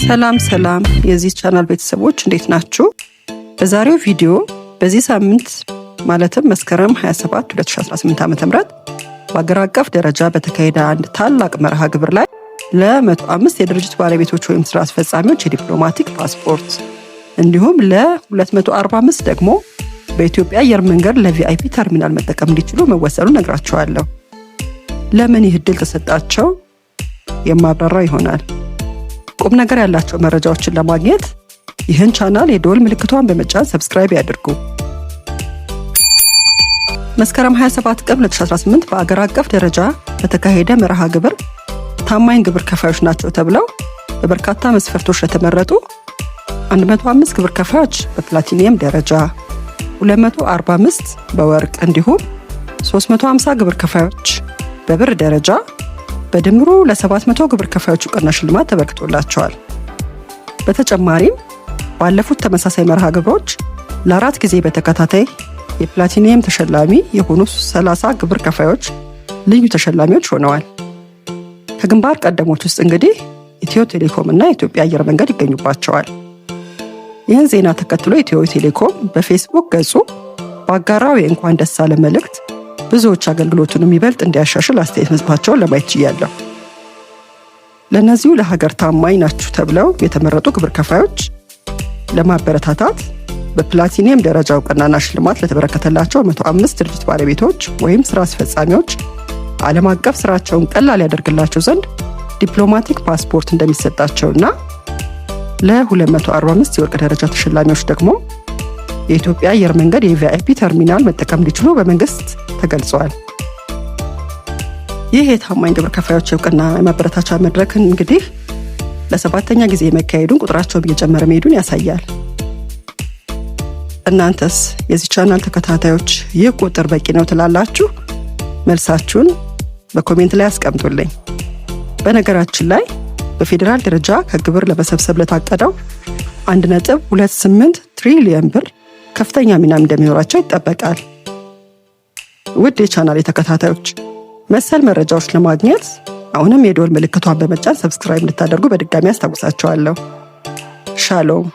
ሰላም ሰላም የዚህ ቻናል ቤተሰቦች እንዴት ናችሁ? በዛሬው ቪዲዮ በዚህ ሳምንት ማለትም መስከረም 27 2018 ዓ.ም በአገር አቀፍ ደረጃ በተካሄደ አንድ ታላቅ መርሃ ግብር ላይ ለ105 የድርጅት ባለቤቶች ወይም ስራ አስፈጻሚዎች የዲፕሎማቲክ ፓስፖርት እንዲሁም ለ245 ደግሞ በኢትዮጵያ አየር መንገድ ለቪአይፒ ተርሚናል መጠቀም እንዲችሉ መወሰኑ ነግራቸዋለሁ። ለምን ይህ እድል ተሰጣቸው? የማብራራው ይሆናል። ቁም ነገር ያላቸው መረጃዎችን ለማግኘት ይህን ቻናል የደወል ምልክቷን በመጫን ሰብስክራይብ ያድርጉ። መስከረም 27 ቀን 2018 በአገር አቀፍ ደረጃ በተካሄደ መርሃ ግብር ታማኝ ግብር ከፋዮች ናቸው ተብለው በበርካታ መስፈርቶች ለተመረጡ 105 ግብር ከፋዮች በፕላቲኒየም ደረጃ 245 በወርቅ እንዲሁም 350 ግብር ከፋዮች በብር ደረጃ በድምሩ ለ700 ግብር ከፋዮች እውቅና ሽልማት ተበርክቶላቸዋል። በተጨማሪም ባለፉት ተመሳሳይ መርሃ ግብሮች ለአራት ጊዜ በተከታታይ የፕላቲኒየም ተሸላሚ የሆኑ 30 ግብር ከፋዮች ልዩ ተሸላሚዎች ሆነዋል። ከግንባር ቀደሞች ውስጥ እንግዲህ ኢትዮ ቴሌኮም እና የኢትዮጵያ አየር መንገድ ይገኙባቸዋል። ይህን ዜና ተከትሎ ኢትዮ ቴሌኮም በፌስቡክ ገጹ ባጋራው የእንኳን ደስ አለ መልእክት ብዙዎች አገልግሎቱን የሚበልጥ እንዲያሻሽል አስተያየት መስማቸውን ለማየት ችያለሁ። ለእነዚሁ ለሀገር ታማኝ ናችሁ ተብለው የተመረጡ ግብር ከፋዮች ለማበረታታት በፕላቲኒየም ደረጃ እውቅናና ሽልማት ለተበረከተላቸው 105 ድርጅት ባለቤቶች ወይም ስራ አስፈጻሚዎች ዓለም አቀፍ ስራቸውን ቀላል ያደርግላቸው ዘንድ ዲፕሎማቲክ ፓስፖርት እንደሚሰጣቸውና ለ245 የወርቅ ደረጃ ተሸላሚዎች ደግሞ የኢትዮጵያ አየር መንገድ የቪአይፒ ተርሚናል መጠቀም እንዲችሉ በመንግስት ተገልጸዋል። ይህ የታማኝ ግብር ከፋዮች እውቅና የማበረታቻ መድረክን እንግዲህ ለሰባተኛ ጊዜ መካሄዱን ቁጥራቸውም እየጨመረ መሄዱን ያሳያል። እናንተስ የዚህ ቻናል ተከታታዮች ይህ ቁጥር በቂ ነው ትላላችሁ? መልሳችሁን በኮሜንት ላይ አስቀምጡልኝ። በነገራችን ላይ በፌዴራል ደረጃ ከግብር ለመሰብሰብ ለታቀደው 1.28 ትሪሊየን ብር ከፍተኛ ሚናም እንደሚኖራቸው ይጠበቃል። ውድ የቻናል የተከታታዮች መሰል መረጃዎች ለማግኘት አሁንም የዶል ምልክቷን በመጫን ሰብስክራይብ እንድታደርጉ በድጋሚ አስታውሳቸዋለሁ። ሻሎም